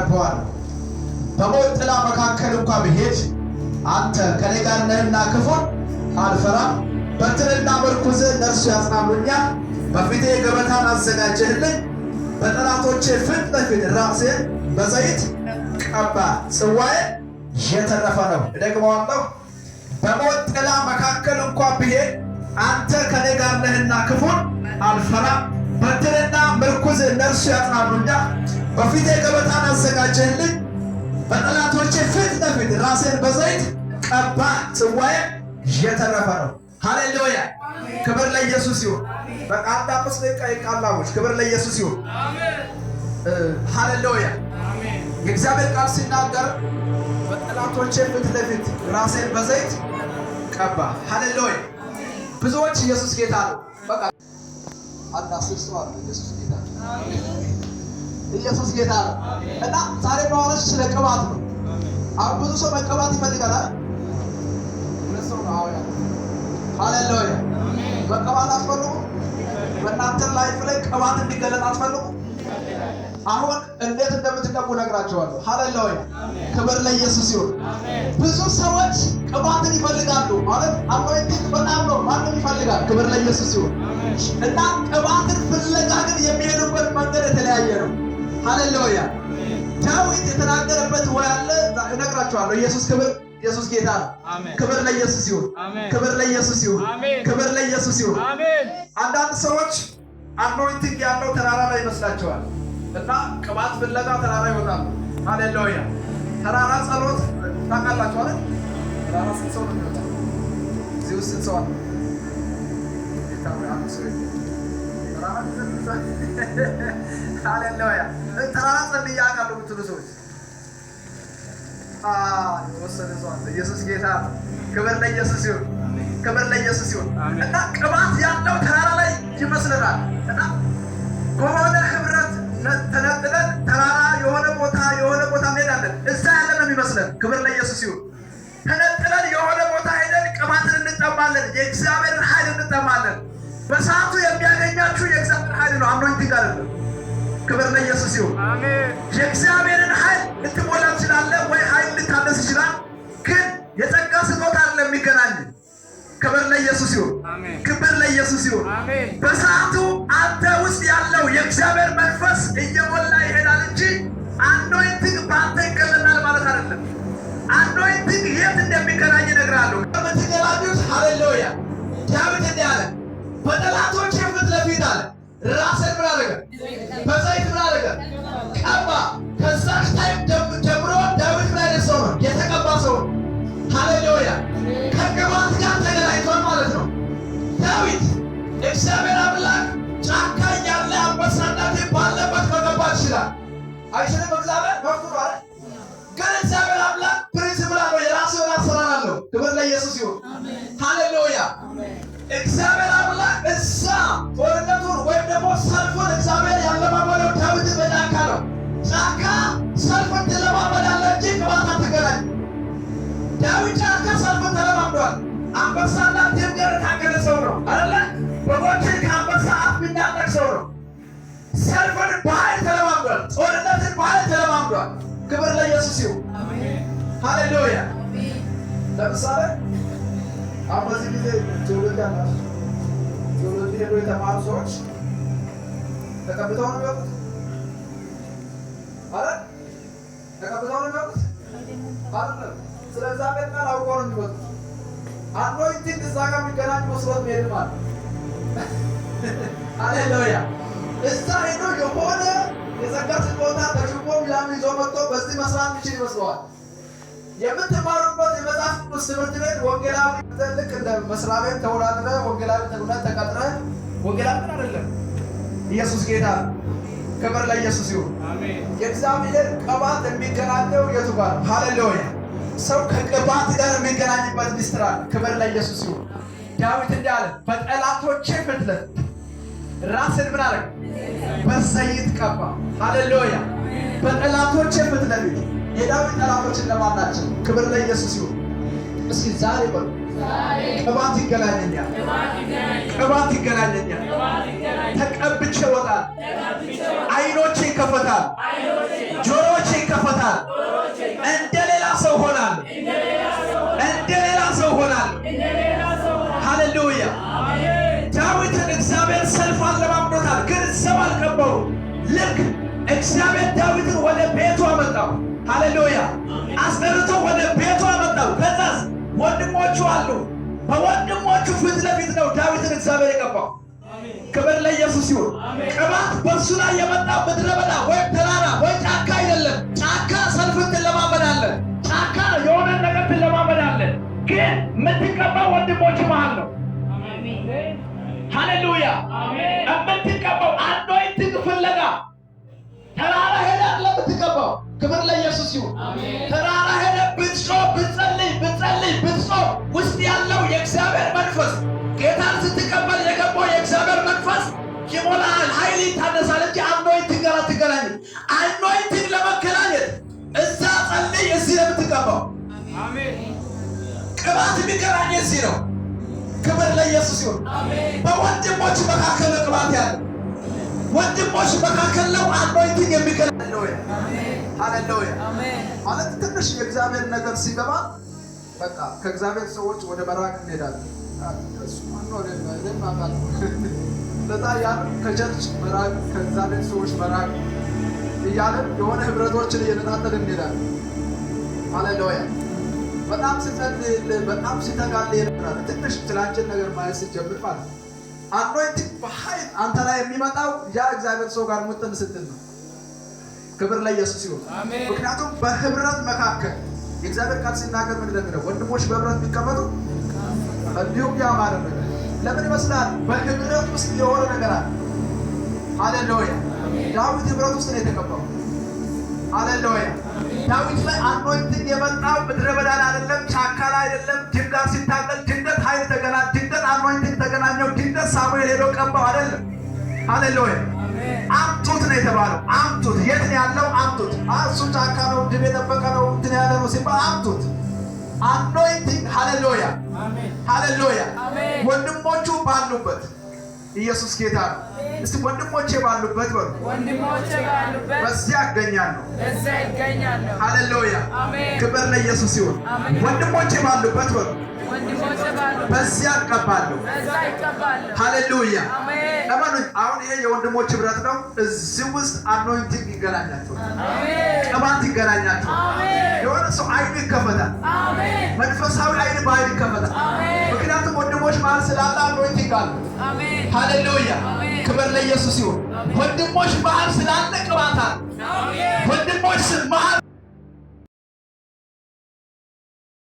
አደርገዋል። በሞት ጥላ መካከል እንኳ ብሄድ አንተ ከኔ ጋር ነህና ክፉን አልፈራም። በትርና መርኩዝ እነርሱ ያጽናኑኛል። በፊቴ ገበታን አዘጋጀህልኝ፣ በጠላቶቼ ፊት ለፊት ራሴን በዘይት ቀባ። ጽዋዬ የተረፈ ነው። እደግመዋለሁ። በሞት ጥላ መካከል እንኳ ብሄድ አንተ ከኔ ጋር ነህና ክፉን አልፈራም። በትርና ምርኩዝ እነርሱ ያጽናኑኛል በፊቴ ገበታን አዘጋጀህልኝ፣ በጠላቶቼ ፊት ለፊት ራሴን በዘይት ቀባ፣ ጽዋዬ የተረፈ ነው። ሃሌሉያ! ክብር ለኢየሱስ ይሁን። በቃጣ ቁስል ደቂቃ ይቃላሞች። ክብር ለኢየሱስ ይሁን። ሃሌሉያ! የእግዚአብሔር ቃል ሲናገር በጠላቶቼ ፊት ለፊት ራሴን በዘይት ቀባ። ሃሌሉያ! ብዙዎች ኢየሱስ ጌታ ነው። በቃ አናስስተዋል። ኢየሱስ ጌታ ነው። ኢየሱስ ጌታ ነው እና ዛሬ ማዋለች ስለ ቅባት ነው። አሁን ብዙ ሰው መቀባት ይፈልጋል። ሃሌሉያ መቀባት አትፈልጉ? በእናንተ ላይፍ ላይ ቅባት እንዲገለጥ አትፈልጉ? አሁን እንዴት እንደምትቀቡ ነግራቸዋለሁ። ሃሌሉያ ክብር ለኢየሱስ ይሁን። ብዙ ሰዎች ቅባትን ይፈልጋሉ ማለት በጣም ነው ማንም ይፈልጋል። ክብር ለኢየሱስ ይሁን እና ቅባትን ፍለጋ ግን የሚሄዱበት መንገድ የተለያየ ነው። ሃሌሉያ ዳዊት የተናገረበት ወይ አለ እነግራችኋለሁ። ኢየሱስ ክብር ኢየሱስ ጌታ ነው። ክብር ለኢየሱስ ይሁን፣ ክብር ለኢየሱስ ይሁን፣ ክብር ለኢየሱስ ይሁን። አንዳንድ ሰዎች አኖይንቲንግ ያለው ተራራ ላይ ይመስላቸዋል እና ቅባት ፍለጋ ተራራ ይወጣሉ። ሃሌሉያ ተራራ ጸሎት ታውቃላችሁ ተራራ ስንት ሰው ነው የሚወጣው? እዚህ ውስጥ ስንት ሰው አለ? ሃሌሉያ ተራራ ጸልዬ አውቃለሁ የምትሉ ሰዎች የወሰነ ሰው አለ። ኢየሱስ ጌታ ነው። ክብር ለኢየሱስ ይሁን፣ ክብር ለኢየሱስ ይሁን። እና ቅባት ያለው ተራራ ላይ ይመስለናል። እና ከሆነ ህብረት ተነጥለን ተራራ የሆነ ቦታ የሆነ ቦታ እንሄዳለን። እዛ ያለ ነው የሚመስለን። ክብር ለኢየሱስ ይሁን። ተነጥለን የሆነ ቦታ ሄደን ቅባትን እንጠማለን፣ የእግዚአብሔርን ኃይል እንጠማለን። በሰዓቱ የሚያገኛችሁ የእግዚአብሔር ኃይል ነው። አኖንቲንግ አይደለም። ክብር ለኢየሱስ ይሁን። የእግዚአብሔርን ኃይል ልትሞላ ትችላለህ ወይ ኃይል ልታነስ ይችላል። ግን የጸጋ ስጦታ አለ የሚገናኝ። ክብር ለኢየሱስ ይሁን። ክብር ለኢየሱስ ይሁን። በሰዓቱ አንተ ውስጥ ያለው የእግዚአብሔር መንፈስ እየሞላ ይሄዳል እንጂ አኖይንቲንግ በአንተ ይገለናል ማለት አይደለም። አኖይንቲንግ የት እንደሚገናኝ እነግርሃለሁ። በትገላቢዎች ሀሌሉያ ዳዊት እንዲህ አለ በጠላቶች ፊት ለፊት አለ ራስን ምን አደረገ? በዘይት ምን አደረገ? ቀባ። ከዛች ታይም ጀምሮ ዳዊት ምን ሰው ነው? የተቀባ ሰው ነው። ሃሌሉያ! ከቅባት ጋር ተገናኝቷል ማለት ነው። ዳዊት እግዚአብሔር አምላክ ጫካ ያለ አንበሳነት ባለበት መገባ ይችላል። አይችልም። እግዚአብሔር መብቱ ነው ግን እግዚአብሔር አምላክ ፕሪንሲፕል አለው። የራሱ የራስ ስራ አለው። ክብር ለኢየሱስ ይሁን። ሃሌሉያ! እግዚአብሔር አንበሳና ጅብ ጋር ሰው ነው አይደለ? በጎችን ከአንበሳ አፍ የሚናጠቅ ሰው ነው። ሰልፍን በኃይል ተለማምዷል። ጦርነትን በኃይል ተለማምዷል። ክብር ለኢየሱስ ይሁን። ሃሌሉያ። ለምሳሌ አሁን በዚህ ጊዜ ትውልድ ያላቸው ትውልድ ሄዶ የተማሩ ሰዎች ተቀብተው ነው የሚወጡት አረ ተቀብተው ነው የሚወጡት አለ ስለዛ ቀጥታ አውቀው ነው የሚወጡት አኖይንቲንግ እዛ ጋር የሚገናኝ መስሎት መሄድ ማለት አሌሉያ። እዛ ሄዶ የሆነ የጸጋ ቦታ ተሽቦ ምናምን ይዞ መጥቶ በዚህ መስራት የሚችል ይመስለዋል። የምትማሩበት የመጽሐፍ ቅዱስ ትምህርት ቤት ወንጌላዊ ልክ እንደ መስሪያ ቤት ተወዳድረህ ወንጌላዊ ተብለህ ተቀጥረ ወንጌላዊ ምን አይደለም። ኢየሱስ ጌታ ክብር ለኢየሱስ ይሁን። የእግዚአብሔር ቀባት የሚገናኘው የቱ ጋር? ሃሌሉያ ሰው ከቅባት ጋር የሚገናኝበት ሚስጥር አለ። ክብር ለኢየሱስ ይሁን። ዳዊት እንዲህ አለ፣ በጠላቶቼ ፊት ለፊት ራስን ምን አረግ? በዘይት ቀባ። ሃሌሉያ! በጠላቶቼ ፊት ለፊት የዳዊት ጠላቶች እነማን ናቸው? ክብር ለኢየሱስ ይሁን። እስኪ ዛሬ በሉ ቅባት ይገናኘኛል፣ ቅባት ይገናኘኛል፣ ተቀብቼ እወጣለሁ፣ አይኖቼ ይከፈታል፣ ጆሮቼ ይከፈታል እግዚአብሔር ዳዊትን ወደ ቤቱ አመጣው። ሃሌሉያ! አስጠርቶ ወደ ቤቱ አመጣው። ከዛስ ወንድሞቹ አሉ። በወንድሞቹ ፊት ለፊት ነው ዳዊትን እግዚአብሔር የቀባው። ክብር ለኢየሱስ ይሁን። ቅባት በእሱ ላይ የመጣ ምድረ በዳ ወይም ተራራ ወይ ጫካ አይደለም። ጫካ ሰልፍን ትለማመዳለን። ጫካ የሆነ ነገር ትለማመዳለን። ግን የምትቀባ ወንድሞች መሃል ነው። ሃሌሉያ! የሚገባው። ክብር ለኢየሱስ ይሁን። ተራራ ሄደ ብትጮህ፣ ብትጸልይ፣ ብትጸልይ፣ ብትጾም ውስጥ ያለው የእግዚአብሔር መንፈስ ጌታን ስትቀበል የገባው የእግዚአብሔር መንፈስ ይሞላል። ኃይል ይታነሳል እንጂ አኖይንቲንግ ጋር አትገናኝም። አኖይንቲንግ ለመገናኘት እዛ ጸልይ፣ እዚህ የምትቀባው ቅባት የሚገናኝ እዚህ ነው። ክብር ለኢየሱስ ይሁን። በወንድሞች መካከል ቅባት ያለው ወንድሞች መካከል ነው አኖይንቲንግ የሚገል ሃሌሉያ ማለት ትንሽ የእግዚአብሔር ነገር ሲገባ በቃ ከእግዚአብሔር ሰዎች ወደ መራቅ እንሄዳለን። ለዛ ያ ከቸርች መራቅ ከእግዚአብሔር ሰዎች መራቅ እያለን የሆነ ህብረቶችን እየነጣጠል እንሄዳለን። ሃሌሉያ በጣም ሲጠል በጣም ሲተጋል ትንሽ ትላንችን ነገር ማየት ሲጀምር ማለት ነው አኖይንቲንግ በኃይል አንተ ላይ የሚመጣው ያ እግዚአብሔር ሰው ጋር ሙጥን ስትል ነው። ክብር ለኢየሱስ ይሁን። ምክንያቱም በህብረት መካከል የእግዚአብሔር ቃል ሲናገር ምን እንደሚለው ወንድሞች በህብረት ቢቀመጡ እንዲሁም ያማረ ነገር ለምን ይመስላል? በህብረት ውስጥ የሆነ ነገር አለ። ሃሌሉያ! ዳዊት ህብረት ውስጥ ነው የተቀባው። ሃሌሉያ! ዳዊት ላይ አኖይንቲንግ የመጣው ምድረ አይደለም፣ ቻካላ አይደለም የተቀባው አይደለም። ሃሌሉያ አምጡት ነው የተባለው። አምጡት የት ነው ያለው? አምጡት እሱ ጫካ ነው ድብ የጠበቀ ነው እንትን ያለ ነው ሲባል አምጡት። አኖይንቲንግ ሃሌሉያ ሃሌሉያ ወንድሞቹ ባሉበት ኢየሱስ ጌታ ነው። እስቲ ወንድሞቼ ባሉበት በሉ ወንድሞቼ ባሉበት በዚያ አገኛለሁ በዚያ ይገኛለሁ። ሃሌሉያ አሜን። ክብር ለኢየሱስ ይሁን። ወንድሞቼ ባሉበት በሉ ወንድሞቼ ባሉበት በዚያ እቀባለሁ በዚያ ይቀባሉ። ሃሌሉያ አሜን። አሁን ይሄ የወንድሞች ህብረት ነው። እዚህ ውስጥ አኖይንቲንግ ይገናኛቸው፣ ቅባት ይገናኛቸው። የሆነ ሰው አይን ይከፈታል። መንፈሳዊ አይን ባይን በወንድሞች መሀል ስላለ አኖይንቲንግ አለ። ሃሌሉያ ክብር ለኢየሱስ ይሁን። ወንድሞች መሀል ስላለ ቅባት አለ። ወንድሞች መሀል